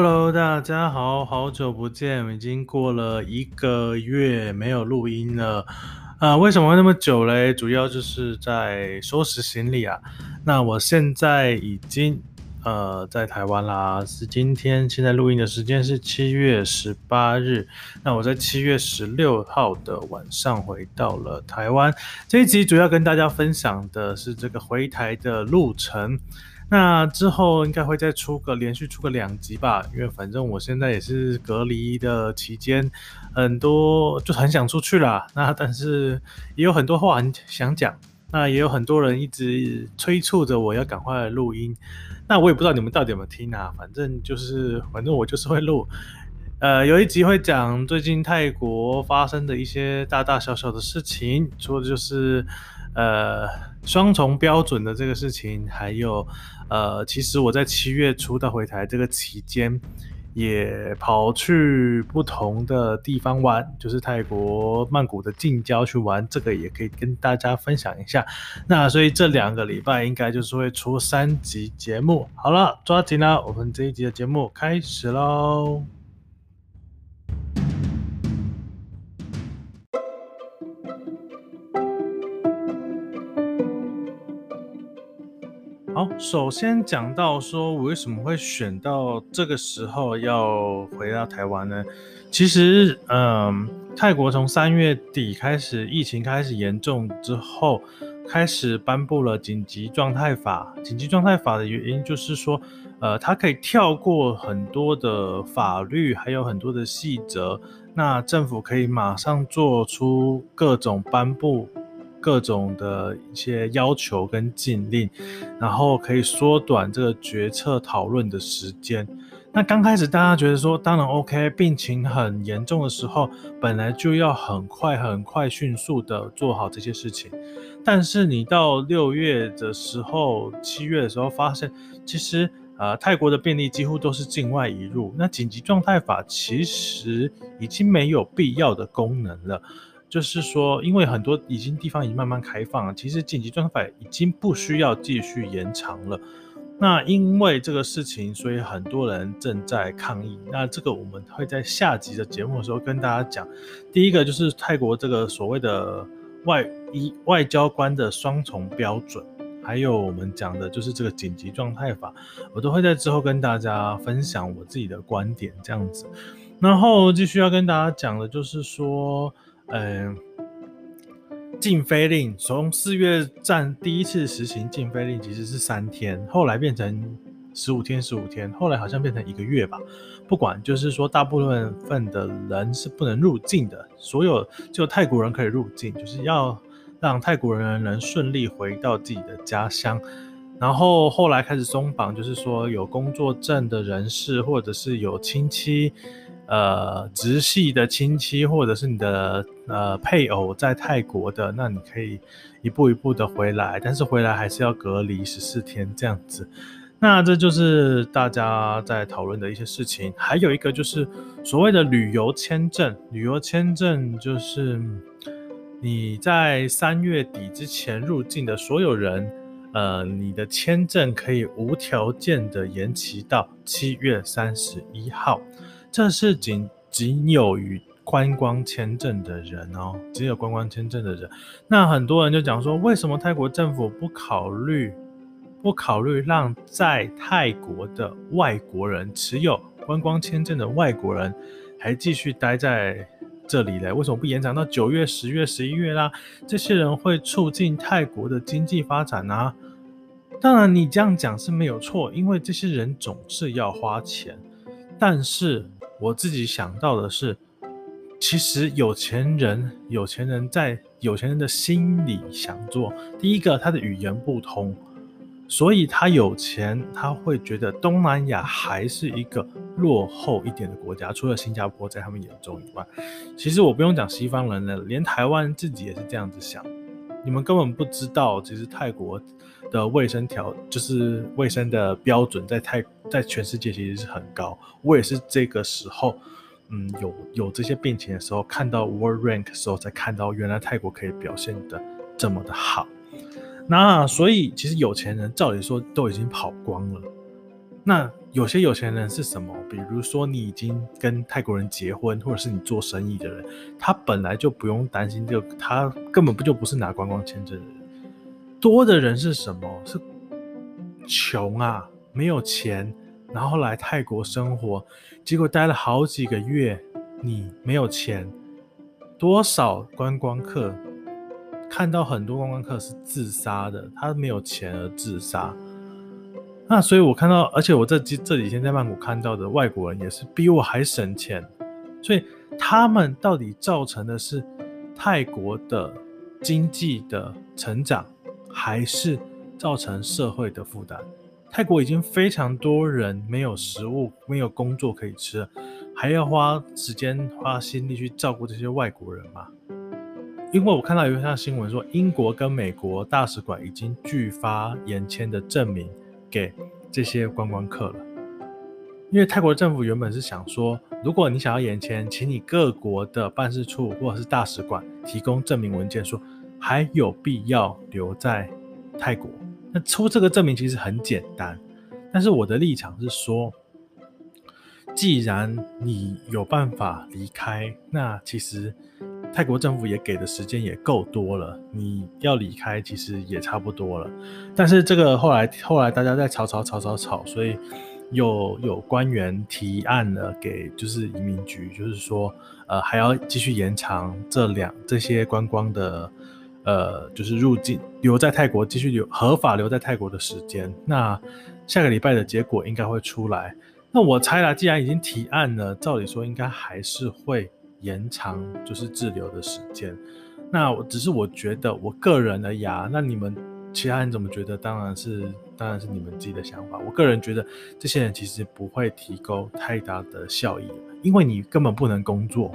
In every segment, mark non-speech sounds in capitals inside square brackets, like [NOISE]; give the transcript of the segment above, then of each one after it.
Hello，大家好，好久不見，已經過了一個月沒有錄音了，啊、呃，為什麼會那麼久嘞？主要就是在收拾行李啊。那我現在已經呃在台灣啦，是今天現在錄音的時間是七月十八日。那我在七月十六號的晚上回到了台灣。這一集主要跟大家分享的是這個回台的路程。那之後應該會再出個連續出個兩集吧，因為反正我現在也是隔離的期間，很多就很想出去啦。那但是也有很多話很想講，那也有很多人一直催促着我要趕快錄音。那我也不知道你們到底有沒有聽啊，反正就是反正我就是會錄。呃，有一集會講最近泰國發生的一些大大小小的事情，說的就是呃雙重標準的這個事情，還有。呃，其實我在七月初到回台這個期間，也跑去不同的地方玩，就是泰國曼谷的近郊去玩，這個也可以跟大家分享一下。那所以這兩個禮拜應該就是會出三集節目。好了，抓緊啦！我們這一集的節目開始嘍。好，首先講到說，我為什麼會選到這個時候要回到台灣呢？其實，嗯、呃，泰國從三月底開始疫情開始嚴重之後，開始頒布了緊急狀態法。緊急狀態法的原因就是說，呃，它可以跳過很多的法律，還有很多的細則，那政府可以馬上做出各種頒布。各種的一些要求跟禁令，然後可以縮短這個決策討論的時間。那剛開始大家覺得說，當然 OK，病情很嚴重的時候，本來就要很快、很快、迅速的做好這些事情。但是你到六月的時候、七月的時候，發現其實，呃，泰國的病例幾乎都是境外移入，那緊急狀態法其實已經沒有必要的功能了。就是說，因為很多已經地方已經慢慢開放了，其實緊急狀態法已經不需要繼續延長了。那因為這個事情，所以很多人正在抗議。那這個我們會在下集的節目的時候跟大家講。第一個就是泰國這個所謂的外一外交官的雙重標準，還有我們講的就是這個緊急狀態法，我都會在之後跟大家分享我自己的觀點這樣子。然後繼續要跟大家講的就是說。嗯、呃，禁飛令從四月站第一次實行禁飛令其實是三天，後來變成十五天，十五天，後來好像變成一個月吧。不管，就是說大部分的人是不能入境的，所有就泰國人可以入境，就是要讓泰國人能順利回到自己的家鄉。然後後來開始鬆綁，就是說有工作證的人士，或者是有親戚。呃，直系的親戚或者是你的呃配偶在台灣的，那你可以一步一步的回來，但是回來還是要隔離十四天這樣子。那這就是大家在討論的一些事情。還有一個就是所謂的旅遊簽證，旅遊簽證就是你在三月底之前入境的所有人，呃，你的簽證可以無條件的延期到七月三十一號。這是僅僅有於觀光簽證的人哦，僅有觀光簽證的人。那很多人就講說，為什麼泰國政府不考慮不考慮讓在泰國的外國人持有觀光簽證的外國人還繼續待在這裡嘞？為什麼不延長到九月、十月、十一月啦、啊？這些人會促進泰國的經濟發展啊！當然，你這樣講是沒有錯，因為這些人總是要花錢，但是。我自己想到的是，其實有錢人，有錢人在有錢人的心裡想做第一個，他的語言不通，所以他有錢，他會覺得東南亞還是一個落後一點的國家，除了新加坡在他們眼中以外，其實我不用講西方人了，連台灣自己也是這樣子想，你們根本不知道，其實泰國。的衛生條就是衛生的標準，在泰在全世界其實是很高。我也是這個時候，嗯，有有這些病情的時候，看到 World Rank 的時候才看到，原來泰國可以表現的這麼的好。那所以其實有錢人照理說都已經跑光了。那有些有錢人是什麼？比如說你已經跟泰國人結婚，或者是你做生意的人，他本來就不用擔心這個，他根本不就不是拿觀光簽證的人。多的人是什麼？是窮啊，沒有錢，然後來泰國生活，結果待了好幾個月，你沒有錢，多少觀光客看到，很多觀光客是自殺的，他沒有錢而自殺。那所以，我看到，而且我這幾這幾天在曼谷看到的外國人也是比我還省錢，所以他們到底造成的是泰國的經濟的成長，還是造成社會的負擔。泰國已經非常多人沒有食物、沒有工作可以吃，還要花時間、花心力去照顧這些外國人嗎？因為我看到有一條新聞說，英國跟美國大使館已經拒發延簽的證明給這些觀光客了。因為泰國政府原本是想說，如果你想要延簽，請你各國的辦事處或者是大使館提供證明文件，說。還有必要留在泰國？那出這個證明其實很簡單，但是我的立場是說，既然你有辦法離開，那其實泰國政府也給的時間也夠多了，你要離開其實也差不多了。但是這個後來後來大家在吵吵吵吵吵，所以又有，有官員提案了給就是移民局，就是說，呃，還要繼續延長這兩這些觀光的。呃，就是入境留在泰國繼續留合法留在泰國的時間，那下個禮拜的結果應該會出來。那我猜啦，既然已經提案了，照理說應該還是會延長就是滯留的時間。那只是我覺得我個人的呀，那你們其他人怎麼覺得？當然是當然是你們自己的想法。我個人覺得這些人其實不會提高太大的效益，因為你根本不能工作，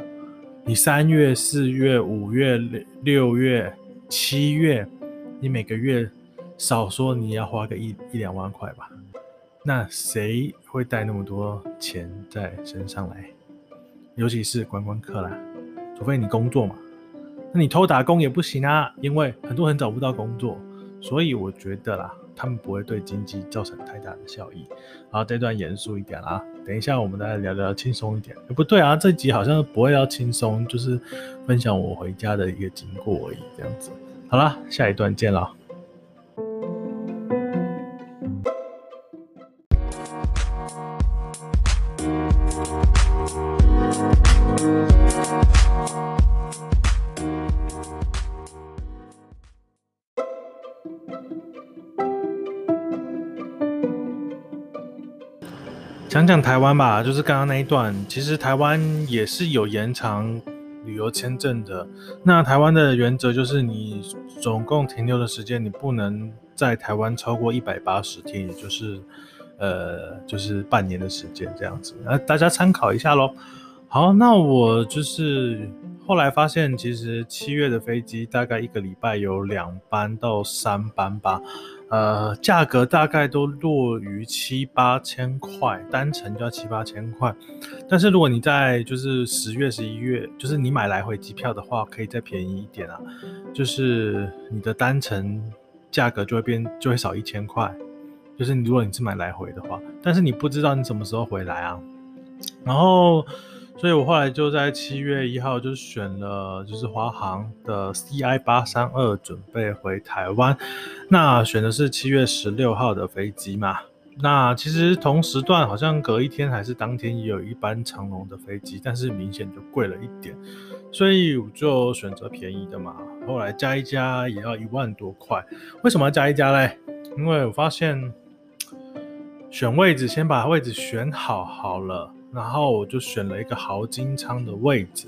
你三月、四月、五月、六六月七月，你每個月少說你要花個一一兩萬塊吧，那誰會帶那麼多錢在身上來？尤其是觀光客啦，除非你工作嘛，那你偷打工也不行啊，因為很多人找不到工作，所以我覺得啦，他們不會對經濟造成太大的效益。好，這段嚴肅一點啦、啊。等一下，我們再來聊聊輕鬆一點。不對啊，這集好像不會要輕鬆，就是分享我回家的一個經過而已。這樣子，好啦，下一段見囉。講講台灣吧，就是剛剛那一段，其實台灣也是有延長旅遊簽證的。那台灣的原則就是，你總共停留的時間，你不能在台灣超過一百八十天，也就是，呃，就是半年的時間這樣子。那大家參考一下嘍。好，那我就是後來發現，其實七月的飛機大概一個禮拜有兩班到三班吧。呃，價格大概都落於七八千塊，單程就要七八千塊。但是如果你在就是十月十一月，就是你買來回機票的話，可以再便宜一點啊，就是你的單程價格就會變就會少一千塊，就是你如果你是買來回的話，但是你不知道你什麼時候回來啊，然後。所以，我後來就在七月一號就選了，就是華航的 C I 八三二，準備回台灣。那選的是七月十六號的飛機嘛？那其實同時段好像隔一天還是當天也有一班長榮的飛機，但是明顯就貴了一點。所以我就選擇便宜的嘛。後來加一加也要一萬多塊，為什麼要加一加嘞？因為我發現選位置，先把位置選好好了。然後我就選了一個豪經艙的位置，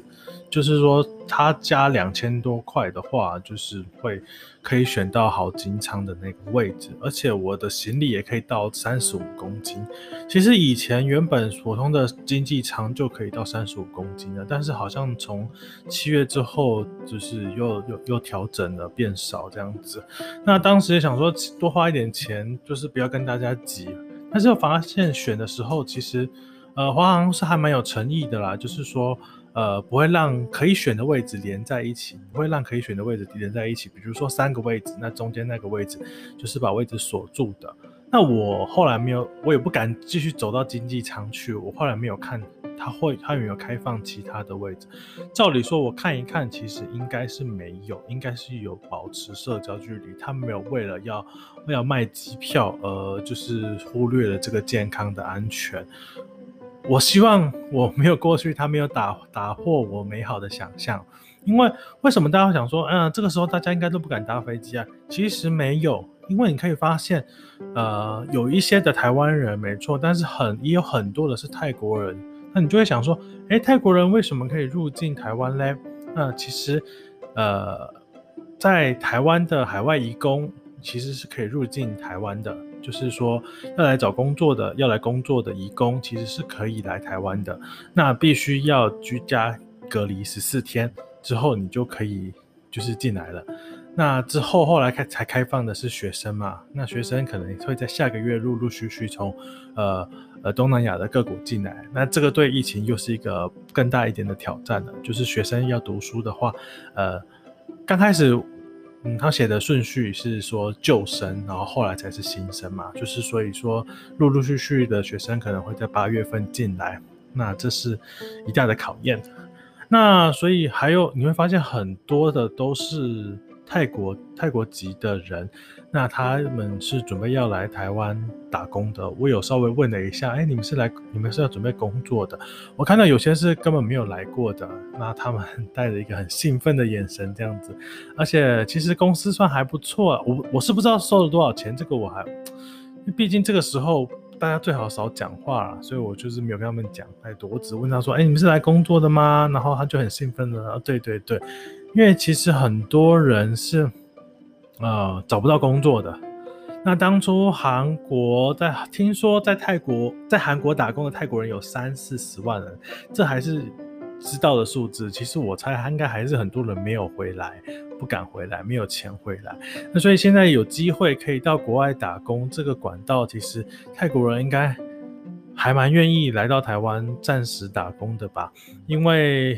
就是說他加兩千多塊的話，就是會可以選到豪經艙的那個位置，而且我的行李也可以到三十五公斤。其實以前原本普通的經濟艙就可以到三十五公斤了，但是好像從七月之後就是又又又調整了，變少這樣子。那當時也想說多花一點錢，就是不要跟大家擠，但是又發現選的時候其實。呃，華航是還蠻有誠意的啦，就是說，呃，不會讓可以選的位置連在一起，不會讓可以選的位置連在一起。比如說三個位置，那中間那個位置就是把位置鎖住的。那我後來沒有，我也不敢繼續走到經濟艙去。我後來沒有看他會，他有沒有開放其他的位置。照理說，我看一看，其實應該是沒有，應該是有保持社交距離。他沒有為了要要賣機票而，呃，就是忽略了這個健康的安全。我希望我沒有過去，他沒有打打破我美好的想象。因為為什麼大家會想說，嗯、呃，這個時候大家應該都不敢搭飛機啊？其實沒有，因為你可以發現，呃，有一些的台灣人沒錯，但是很也有很多的是泰國人。那你就會想說，哎、欸，泰國人為什麼可以入境台灣嘞？那、呃、其實，呃，在台灣的海外移工其實是可以入境台灣的。就是說，要來找工作的，要來工作的移工，其實是可以來台灣的。那必須要居家隔離十四天之後，你就可以就是進來了。那之後後來開才開放的是學生嘛？那學生可能會在下個月陸陸續續從呃呃東南亞的各國進來。那這個對疫情又是一個更大一點的挑戰了。就是學生要讀書的話，呃，剛開始。嗯，他寫的順序是說舊生，然後後來才是新生嘛，就是所以說陸陸續續的學生可能會在八月份進來，那這是一大的考驗。那所以還有你會發現很多的都是。泰國泰國籍的人，那他們是準備要來台灣打工的。我有稍微問了一下，哎，你們是來，你們是要準備工作的。我看到有些人是根本沒有來過的，那他們帶着一個很興奮的眼神這樣子。而且其實公司算還不錯啊，我我是不知道收了多少錢，這個我還，畢竟這個時候大家最好少講話了啊，所以我就是沒有跟他們講太多。我只問他說，哎，你們是來工作的嗎？然後他就很興奮的，對對對。因為其實很多人是，呃，找不到工作的。那當初韓國在聽說在泰國，在韓國打工的泰國人有三四十萬人，這還是知道的數字。其實我猜應該還是很多人沒有回來，不敢回來，沒有錢回來。那所以現在有機會可以到國外打工，這個管道其實泰國人應該還蠻願意來到台灣暫時打工的吧？因為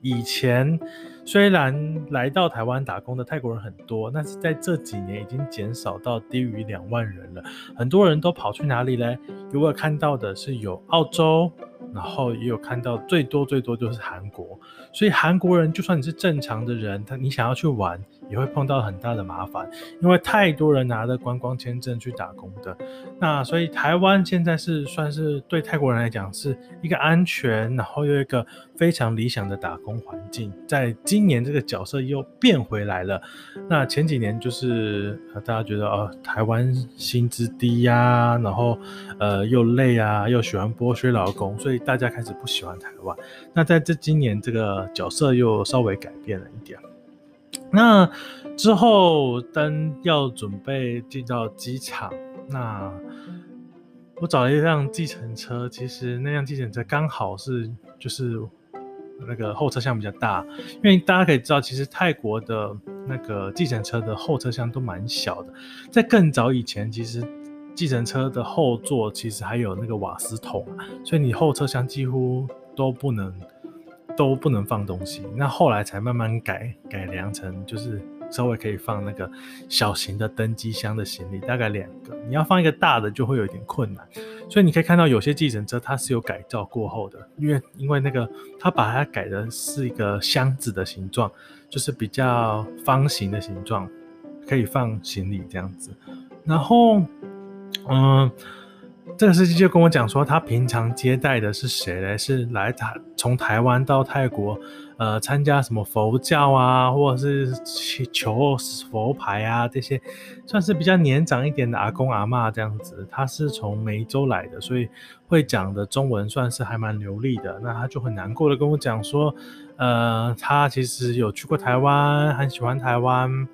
以前。雖然來到台灣打工的泰國人很多，但是在這幾年已經減少到低於兩萬人了。很多人都跑去哪裡嘞？如果看到的是有澳洲，然後也有看到最多最多就是韓國。所以韓國人就算你是正常的人，他你想要去玩也會碰到很大的麻煩，因為太多人拿着觀光簽證去打工的。那所以台灣現在是算是對泰國人來講是一個安全，然後又一個非常理想的打工環境。在今年這個角色又變回來了。那前幾年就是，呃，大家覺得哦，呃，台灣薪資低呀，啊，然後呃又累啊，又喜歡剝削勞工，所以大家開始不喜歡台灣。那在這今年這個。角色又稍微改變了一點。那之後，當要準備進到機場，那我找了一輛計程車。其實那輛計程車剛好是就是那個後車廂比較大，因為大家可以知道，其實泰國的那個計程車的後車廂都蠻小的。在更早以前，其實計程車的後座其實還有那個瓦斯桶啊，所以你後車廂幾乎都不能。都不能放東西，那後來才慢慢改改良成，就是稍微可以放那個小型的登機箱的行李，大概兩個。你要放一個大的，就會有一點困難。所以你可以看到，有些計程車它是有改造過後的，因為因為那個它把它改的是一個箱子的形狀，就是比較方形的形狀，可以放行李這樣子。然後，嗯。這個司機就跟我講說，他平常接待的是誰呢？是來台從台灣到泰國，呃，參加什麼佛教啊，或者是求佛牌啊這些，算是比較年長一點的阿公阿嬤這樣子。他是從梅州來的，所以會講的中文算是還蠻流利的。那他就很難過的跟我講說，呃，他其實有去過台灣，很喜歡台灣，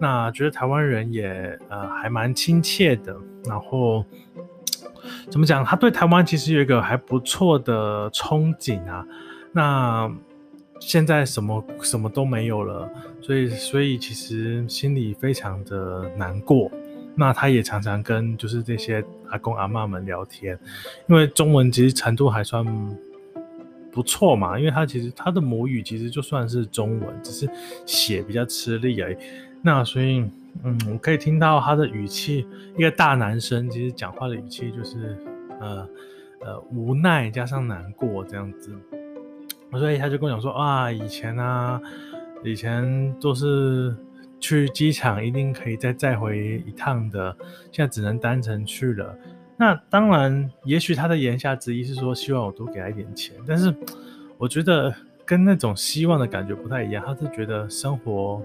那覺得台灣人也呃還蠻親切的，然後。怎麼講？他對台灣其實有一個還不錯的憧憬啊。那現在什麼什麼都沒有了，所以所以其實心裡非常的難過。那他也常常跟就是這些阿公阿媽們聊天，因為中文其實程度還算不錯嘛。因為他其實他的母語其實就算是中文，只是寫比較吃力而已。那所以。嗯，我可以聽到他的語氣，一個大男生其實講話的語氣就是，呃，呃，無奈加上難過這樣子。所以他就跟我講說，啊，以前呢、啊，以前都是去機場一定可以再再回一趟的，現在只能單程去了。那當然，也許他的言下之意是說希望我多給他一點錢，但是我覺得跟那種希望的感覺不太一樣，他是覺得生活。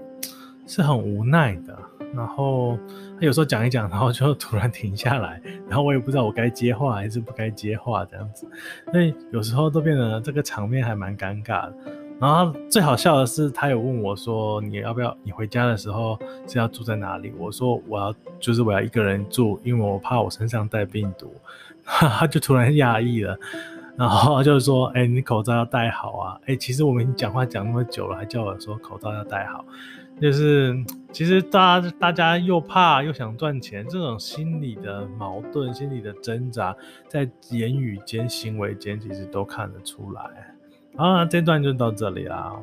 是很無奈的，然後他有時候講一講，然後就突然停下來，然後我也不知道我該接話還是不該接話，這樣子，所以有時候都變得這個場面還蠻尷尬的。然後最好笑的是，他有問我說：“你要不要？你回家的時候是要住在哪裡？”我說：“我要就是我要一個人住，因為我怕我身上帶病毒。 [LAUGHS] ”他就突然訝異了，然後就說：“哎、欸，你口罩要戴好啊！哎、欸，其實我們講話講那麼久了，還叫我說口罩要戴好。”就是，其實大家大家又怕又想賺錢，這種心理的矛盾、心理的掙扎，在言語間、行為間，其實都看得出來。啊，這段就到這裡啦。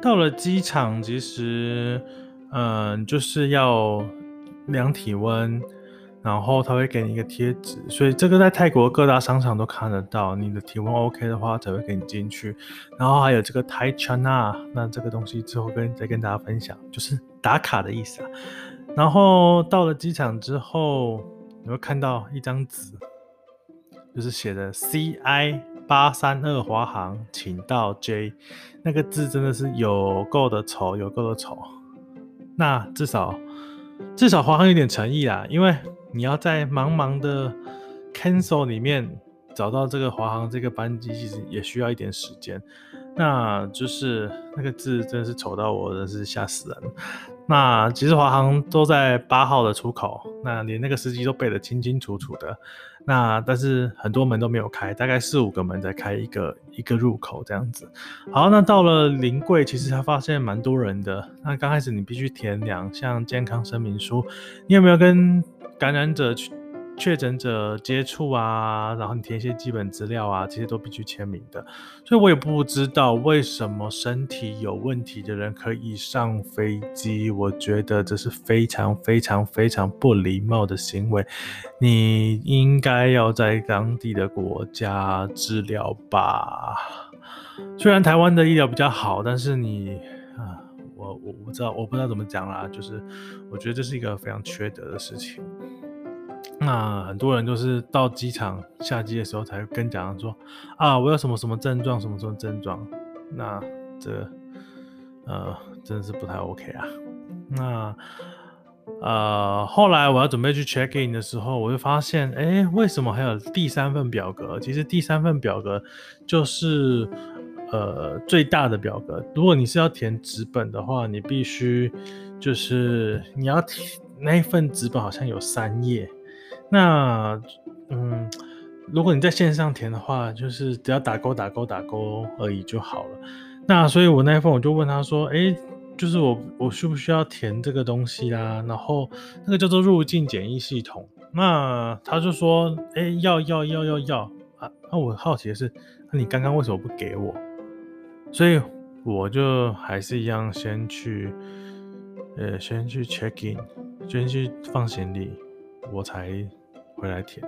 到了機場，其實，嗯、呃，就是要量體溫。然後他會給你一個貼紙，所以這個在泰國各大商場都看得到。你的體溫 OK 的話，才會給你進去。然後還有這個 Thai Chana 那這個東西之後跟再跟大家分享，就是打卡的意思啊。然後到了機場之後，你會看到一張紙，就是寫的 CI 八三二華航，請到 J。那個字真的是有夠的醜，有夠的醜。那至少至少華航有點誠意啦，因為。你要在茫茫的 cancel 裡面找到這個華航這個班機，其實也需要一點時間。那就是那個字真的是醜到我，真是嚇死人。那其實華航都在八號的出口，那連那個司機都背得清清楚楚的。那但是很多門都沒有開，大概四五個門才開一個一個入口這樣子。好，那到了臨櫃，其實他發現蠻多人的。那剛開始你必須填兩項健康聲明書，你有沒有跟？感染者、確診者接觸啊，然後你填一些基本資料啊，這些都必須簽名的。所以我也不知道為什麼身體有問題的人可以上飛機，我覺得這是非常非常非常不禮貌的行為。你應該要在當地的國家治療吧，雖然台灣的醫療比較好，但是你啊。我不知道，我不知道怎麼講啦，就是我覺得這是一個非常缺德的事情。那很多人都是到機場下機的時候才跟講說啊，我有什麼什麼症狀，什麼什麼症狀。那這呃，真的是不太 OK 啊。那呃，後來我要準備去 check in 的時候，我就發現，哎，為什麼還有第三份表格？其實第三份表格就是。呃，最大的表格，如果你是要填紙本的話，你必須就是你要填那一份紙本好像有三頁。那嗯，如果你在線上填的話，就是只要打勾打勾打勾而已就好了。那所以，我那一份我就問他說，哎、欸，就是我我需不需要填這個東西啦、啊？然後那個叫做入境檢疫系統，那他就說，哎、欸，要要要要要啊。那、啊、我好奇的是，那、啊、你剛剛為什麼不給我？所以我就還是一樣，先去，呃，先去 check in，先去放行李，我才回來填。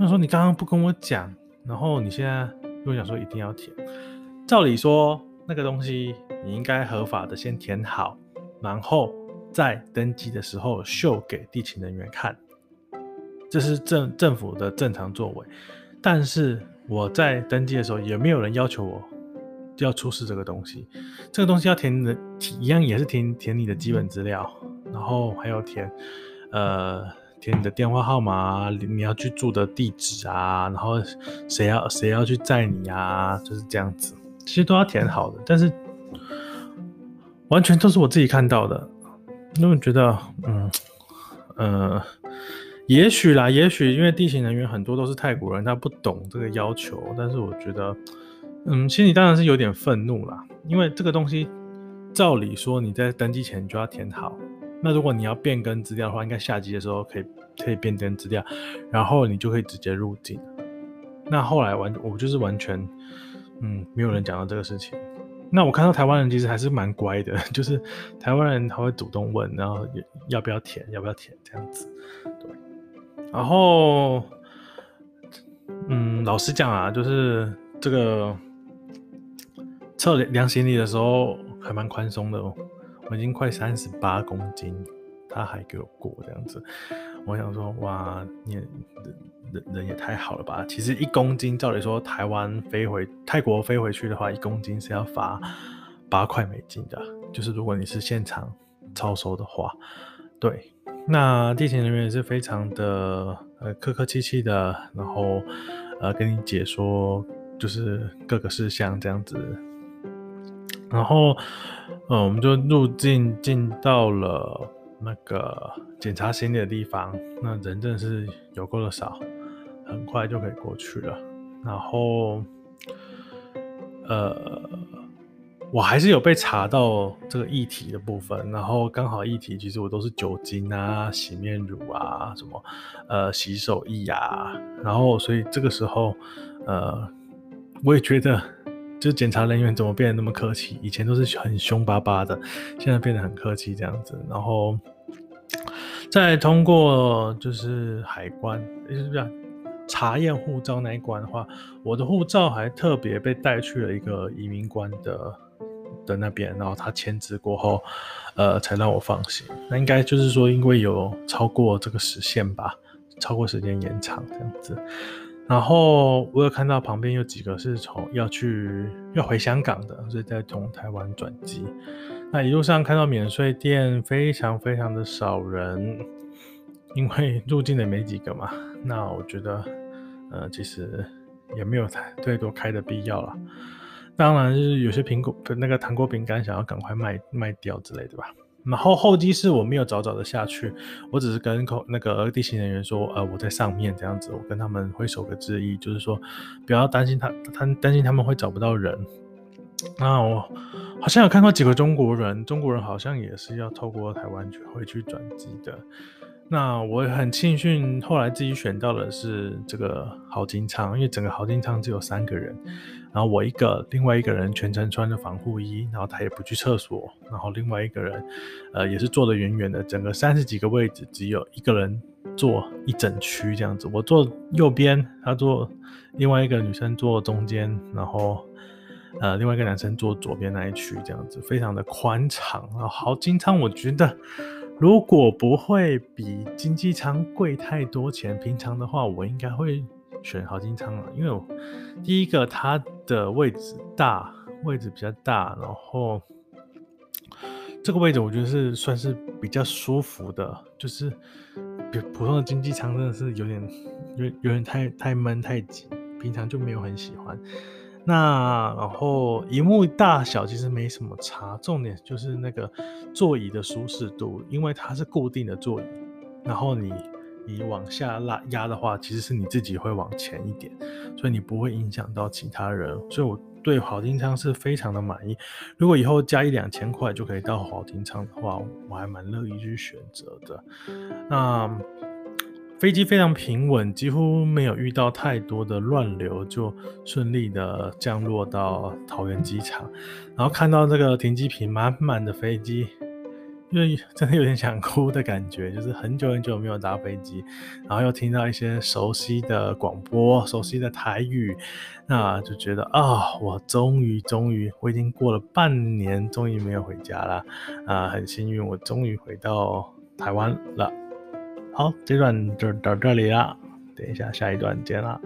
那說：“你剛剛不跟我講，然後你現在又想說一定要填。照理說，那個東西你應該合法的先填好，然後再登機的時候秀給地勤人員看，這是政政府的正常作為。但是我在登機的時候，也沒有人要求我。”就要出示這個東西，這個東西要填的，一樣也是填填你的基本資料，然後還有填，呃，填你的電話號碼，你要去住的地址啊，然後誰要誰要去載你啊，就是這樣子，其實都要填好的，但是完全都是我自己看到的，那我覺得，嗯，呃，也許啦，也許因為地勤人員很多都是泰國人，他不懂這個要求，但是我覺得。嗯，心裡當然是有點憤怒啦，因為這個東西，照理說你在登機前就要填好。那如果你要變更資料的話，應該下機的時候可以可以變更資料，然後你就可以直接入境。那後來完，我就是完全，嗯，沒有人講到這個事情。那我看到台灣人其實還是蠻乖的，就是台灣人他會主動問，然後要不要填，要不要填這樣子。對。然後，嗯，老實講啊，就是這個。測量行李的時候還蠻寬鬆的哦，我已經快三十八公斤，他還給我過這樣子，我想說，哇，你也人人人也太好了吧！其實一公斤照理說，台灣飛回泰國飛回去的話，一公斤是要罰八塊美金的，就是如果你是現場超收的話。對，那地勤人員也是非常的呃客客氣氣的，然後呃跟你解說就是各個事項這樣子。然後，呃、嗯，我們就入境進到了那個檢查行李的地方，那人真的是有夠的少，很快就可以過去了。然後，呃，我還是有被查到這個液體的部分。然後剛好液體其實我都是酒精啊、洗面乳啊什麼，呃，洗手液啊。然後所以這個時候，呃，我也覺得。就檢查人員怎麼變得那麼客氣？以前都是很凶巴巴的，現在變得很客氣這樣子。然後，再通過就是海關，也就是這樣查驗護照那一關的話，我的護照還特別被帶去了一個移民官的的那邊，然後他簽字過後，呃，才讓我放心。那應該就是說，因為有超過這個時限吧，超過時間延長這樣子。然後我有看到旁邊有幾個是從要去要回香港的，所以在從台灣轉機。那一路上看到免稅店非常非常的少人，因為入境的沒幾個嘛。那我覺得，呃，其實也沒有太太多開的必要了。當然，就是有些蘋果那個糖果餅乾想要趕快賣賣掉之類的吧。然後候機室我沒有早早的下去，我只是跟空那個地勤人員說，呃，我在上面這樣子，我跟他們揮手的致意，就是說不要擔心他，他擔,擔心他們會找不到人。那、啊、我好像有看到幾個中國人，中國人好像也是要透過臺灣去回去轉機的。那我很慶幸後來自己選到的是這個豪經艙，因為整個豪經艙只有三個人。然後我一個，另外一個人全程穿着防護衣，然後他也不去廁所。然後另外一個人，呃，也是坐得遠遠的。整個三十幾個位置，只有一個人坐一整區這樣子。我坐右邊，他坐另外一個女生坐中間，然後呃另外一個男生坐左邊那一區這樣子，非常的寬敞。然後好，經常我覺得如果不會比經濟艙貴太多錢，平常的話我應該會。選好經艙了，因為我第一個它的位置大，位置比較大，然後這個位置我覺得是算是比較舒服的，就是比普通的經濟艙真的是有點，有有點太太悶太擠，平常就沒有很喜歡。那然後，熒幕大小其實沒什麼差，重點就是那個座椅的舒適度，因為它是固定的座椅，然後你。你往下拉壓的話，其實是你自己會往前一點，所以你不會影響到其他人。所以我對豪經艙是非常的滿意。如果以後加一兩千塊就可以到豪經艙的話，我還蠻樂意去選擇的。那飛機非常平穩，幾乎沒有遇到太多的亂流，就順利的降落到桃園機場。然後看到這個停機坪滿滿的飛機。因為真的有點想哭的感覺，就是很久很久沒有搭飛機，然後又聽到一些熟悉的廣播、熟悉的台語，那就覺得啊、哦，我終於終於，我已經過了半年，終於沒有回家了，啊、呃，很幸運我終於回到台灣了。好，這段就到這裡啦，等一下下一段見啦。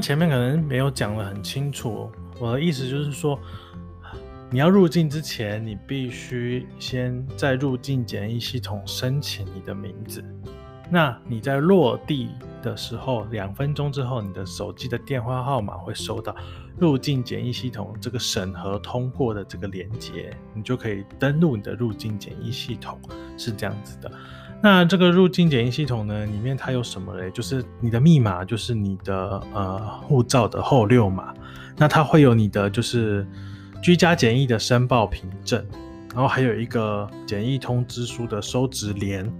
前面可能沒有講得很清楚，我的意思就是說，你要入境之前，你必須先在入境檢疫系統申請你的名字。那你在落地的時候，兩分鐘之後，你的手機的電話號碼會收到入境檢疫系統這個審核通過的這個連接，你就可以登錄你的入境檢疫系統，是這樣子的。那這個入境檢疫系統呢，裡面它有什麼嘞？就是你的密碼，就是你的呃護照的後六碼。那它會有你的就是居家檢疫的申報憑證，然後還有一個檢疫通知書的收執聯，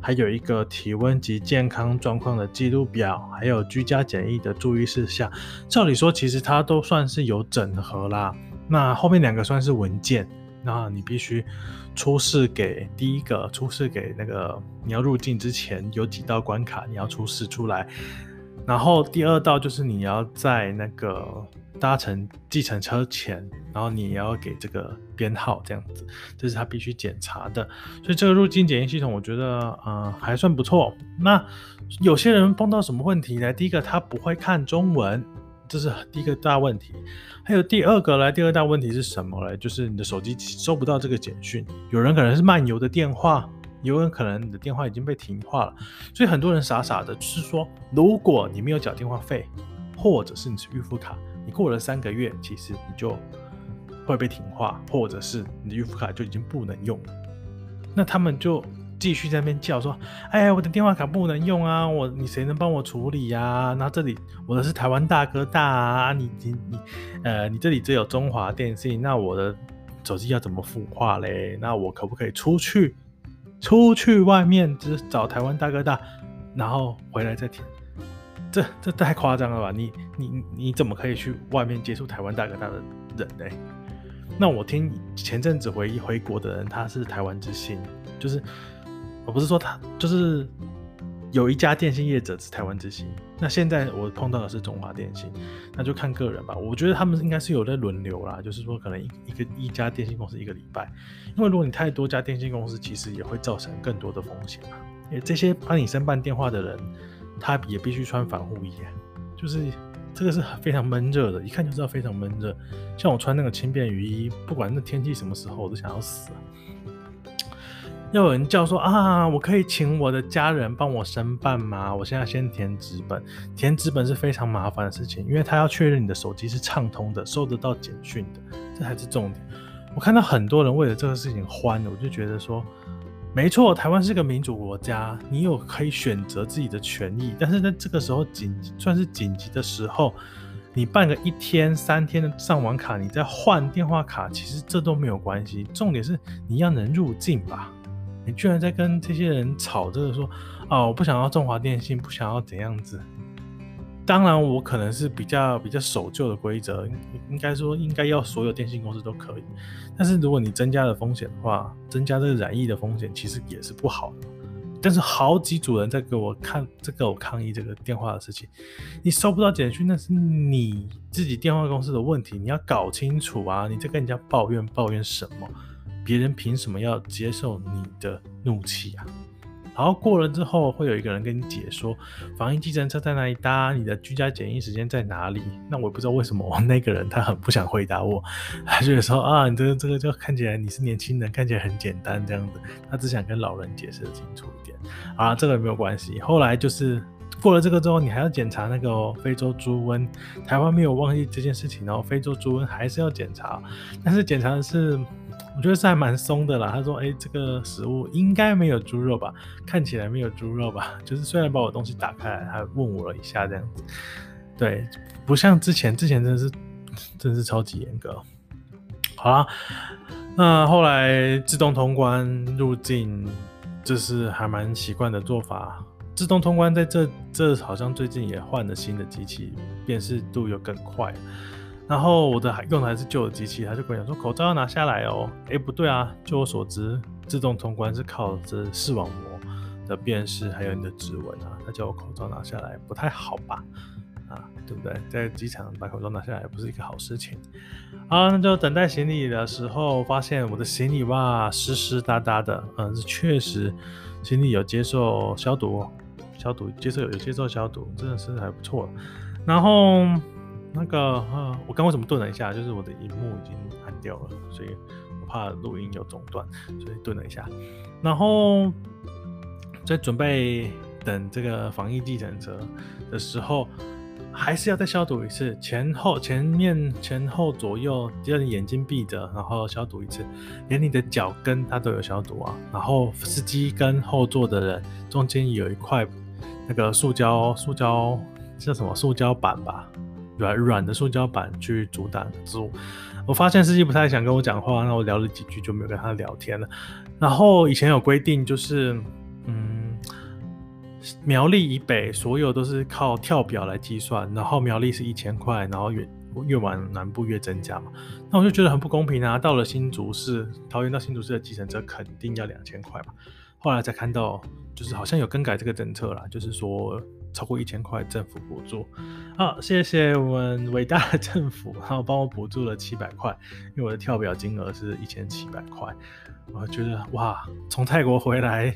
還有一個體溫及健康狀況的記錄表，還有居家檢疫的注意事項。照理說，其實它都算是有整合啦。那後面兩個算是文件。那你必須出示給第一個，出示給那個你要入境之前有幾道關卡，你要出示出來。然後第二道就是你要在那個搭乘計程車前，然後你要給這個編號這樣子，這是他必須檢查的。所以這個入境檢驗系統，我覺得嗯、呃，還算不錯。那有些人碰到什麼問題呢？第一個他不會看中文，這是第一個大問題。還有第二個來，第二大問題是什麼呢？就是你的手機收不到這個簡訊，有人可能是漫遊的電話，有人可能你的電話已經被停話了，所以很多人傻傻的，就是說如果你沒有繳電話費，或者是你是預付卡，你過了三個月，其實你就會被停話，或者是你的預付卡就已經不能用了，那他們就。繼續在那邊叫說：“哎呀，我的電話卡不能用啊！我你誰能幫我處理啊？那這裡我的是台灣大哥大啊，你你你呃，你這裡只有中華電信，那我的手機要怎麼孵化嘞？那我可不可以出去出去外面找台灣大哥大，然後回來再聽。這這太誇張了吧！你你你怎麼可以去外面接觸台灣大哥大的人呢？那我聽前陣子回回國的人，他是台灣之星，就是。我不是說他，就是有一家電信業者是台灣之星。那現在我碰到的是中華電信，那就看個人吧。我覺得他們應該是有在輪流啦，就是說可能一一個一家電信公司一個禮拜。因為如果你太多家電信公司，其實也會造成更多的風險嘛。因為這些幫你申辦電話的人，他也必須穿防護衣啊，就是這個是非常悶熱的，一看就知道非常悶熱。像我穿那個輕便雨衣，不管那天氣什麼時候，我都想要死啊。又有人叫說啊，我可以請我的家人幫我申辦嗎？我現在先填紙本，填紙本是非常麻煩的事情，因為他要確認你的手機是暢通的，收得到簡訊的，這才是重點。我看到很多人為了這個事情慌了，我就覺得說，沒錯，台灣是個民主國家，你有可以選擇自己的權益，但是在這個時候緊算是緊急的時候，你辦個一天三天的上網卡，你再換電話卡，其實這都沒有關係，重點是你要能入境吧。你居然在跟這些人吵着說啊、哦，我不想要中華電信，不想要怎樣子？當然，我可能是比較比較守舊的規則，應該說應該要所有電信公司都可以。但是如果你增加了風險的話，增加這個染疫的風險，其實也是不好的。但是好幾組人在給我看，在給我抗議這個電話的事情。你收不到簡訊，那是你自己電話公司的問題，你要搞清楚啊！你在跟人家抱怨抱怨什麼？別人憑什麼要接受你的怒氣啊？然後過了之後，會有一個人跟你解說防疫計程車在哪裡搭，你的居家檢疫時間在哪裡？那我也不知道為什麼，那個人他很不想回答我，他就說啊，你這個這個就看起來你是年輕人，看起來很簡單這樣子。他只想跟老人解釋清楚一點啊，這個沒有關係。後來就是過了這個之後，你還要檢查那個、哦、非洲豬瘟。台灣沒有忘記這件事情哦，非洲豬瘟還是要檢查，但是檢查的是。我覺得是還蠻鬆的啦。他說：“欸，這個食物應該沒有豬肉吧？看起來沒有豬肉吧？就是雖然把我東西打開來，他問我了一下這樣子。對，不像之前，之前真的是，真是超級嚴格。好啊，那後來自動通關入境，就是還蠻習慣的做法。自動通關在這這好像最近也換了新的機器，辨識度又更快。”然後我的還用的還是舊的機器，他就跟我講說口罩要拿下來哦。哎，不對啊，據我所知，自動通關是靠着視網膜的辨識，還有你的指紋啊。他叫我口罩拿下來，不太好吧？啊，對不對？在機場把口罩拿下來也不是一個好事情。好，那就等待行李的時候，發現我的行李哇濕濕噠噠的。嗯，是確實行李有接受消毒，消毒、接受有、有接受消毒，真的是還不錯啊。然後。那個、呃、我剛為什麼頓了一下？就是我的熒幕已經按掉了，所以我怕錄音有中斷，所以頓了一下。然後在準備等這個防疫計程車的時候，還是要再消毒一次，前後、前面、前後左右，只要你眼睛閉着，然後消毒一次，連你的腳跟它都有消毒啊。然後司機跟後座的人中間有一塊那個塑膠，塑膠是叫什麼塑膠板吧。軟軟的塑膠板去阻擋植物。我發現司機不太想跟我講話，那我聊了幾句就沒有跟他聊天了。然後以前有規定就是，嗯，苗栗以北所有都是靠跳表來計算，然後苗栗是一千塊，然後越越往南部越增加嘛。那我就覺得很不公平啊！到了新竹市，桃園到新竹市的計程車肯定要兩千塊嘛。後來才看到就是好像有更改這個政策啦，就是說。超過一千塊政府補助，好、啊，謝謝我們偉大的政府，然後幫我補助了七百塊，因為我的跳表金額是一千七百塊，我覺得哇，從泰國回來，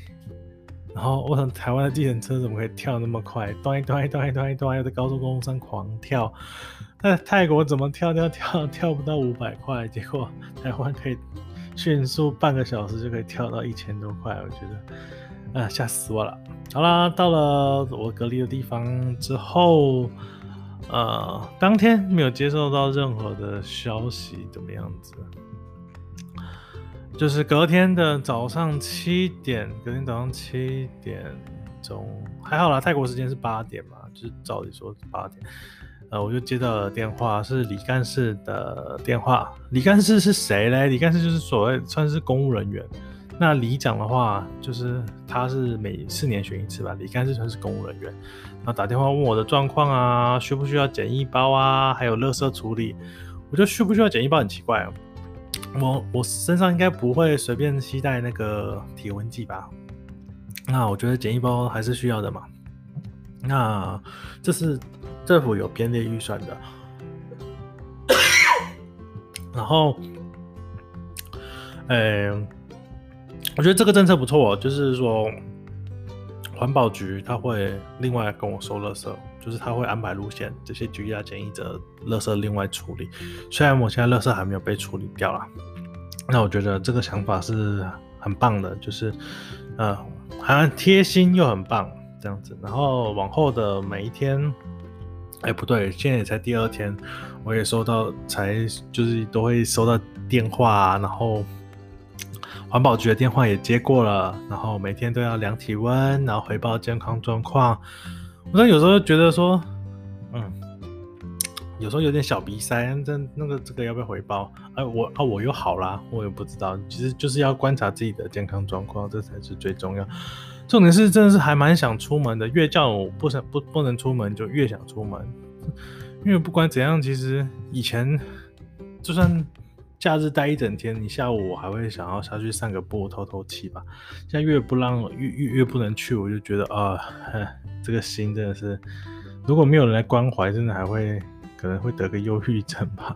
然後我想台灣的計程車怎麼會跳那麼快，咚一咚一咚一咚一咚又在高速公路上狂跳，那泰國怎麼跳跳跳跳不到五百塊，結果台灣可以迅速半個小時就可以跳到一千多塊，我覺得。啊！嚇死我了。好啦，到了我隔離的地方之後，呃，當天沒有接受到任何的消息，怎麼樣子？就是隔天的早上七點，隔天早上七點鐘，還好啦，泰國時間是八點嘛，就是照理說是八點，呃，我就接到了電話，是李幹事的電話。李幹事是誰嘞？李幹事就是所謂算是公務人員。那里長的話，就是他是每四年選一次吧。里幹事算是公務人員，然後打電話問我的狀況啊，需不需要檢疫包啊，還有垃圾處理。我覺得需不需要檢疫包很奇怪，啊，我我身上應該不會隨便攜帶那個體溫計吧？那我覺得檢疫包還是需要的嘛。那這是政府有編列預算的， [COUGHS] 然後，呃、欸。我覺得這個政策不錯哦，就是說環保局他會另外跟我收垃圾，就是他會安排路線，這些居家檢疫者垃圾另外處理。雖然我現在垃圾還沒有被處理掉了，那我覺得這個想法是很棒的，就是嗯，呃，還很貼心又很棒這樣子。然後往後的每一天，哎不對，現在也才第二天，我也收到才就是都會收到電話啊，然後。環保局的電話也接過了，然後每天都要量體溫，然後回報健康狀況。我有時候覺得說，嗯，有時候有點小鼻塞，那那個這個要不要回報？哎、啊，我啊我又好啦，我也不知道。其實就是要觀察自己的健康狀況，這才是最重要。重點是真的是還蠻想出門的，越叫我不想不不能出門就越想出門，因為不管怎樣，其實以前就算。假日待一整天，你下午我還會想要下去散個步透透氣吧。現在越不讓越越越不能去，我就覺得啊，這個心真的是，如果沒有人來關懷，真的還會可能會得個憂鬱症吧。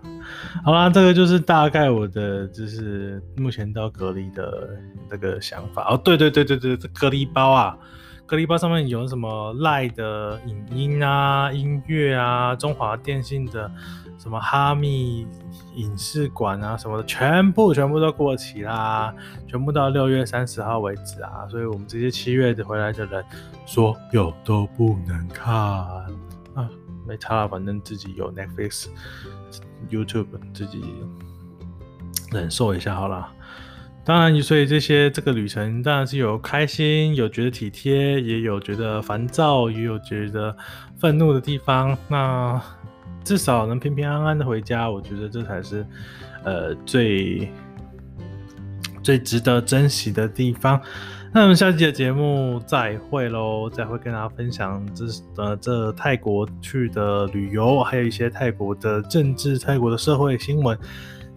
好啦，這個就是大概我的就是目前到隔離的這個想法。哦，對對對對對，這隔離包啊，隔離包上面有什麼賴的影音啊、音樂啊，中華電信的。什麼哈密影視館啊，什麼的，全部全部都過期啦，全部到六月三十號為止啊，所以我們這些七月回來的人，所有都不能看啊，沒差，反正自己有 Netflix、YouTube，自己忍受一下好啦。當然，所以這些這個旅程當然是有開心，有覺得體貼，也有覺得煩躁，也有覺得憤怒的地方，那。至少能平平安安的回家，我覺得這才是，呃，最最值得珍惜的地方。那我們下期的節目再會嘍，再會跟大家分享這呃這泰國去的旅遊，還有一些泰國的政治、泰國的社會新聞。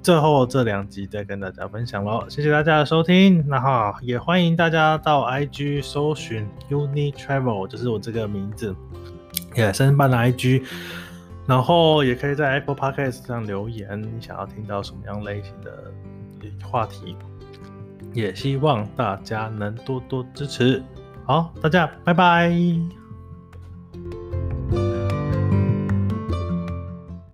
最後這兩集再跟大家分享嘍，謝謝大家的收聽。那好，也歡迎大家到 I G 搜尋 Uni Travel，就是我這個名字，也新辦的 I G。然後也可以在 Apple Podcast 上留言，你想要聽到什麼樣類型的話題？也希望大家能多多支持。好，大家拜拜。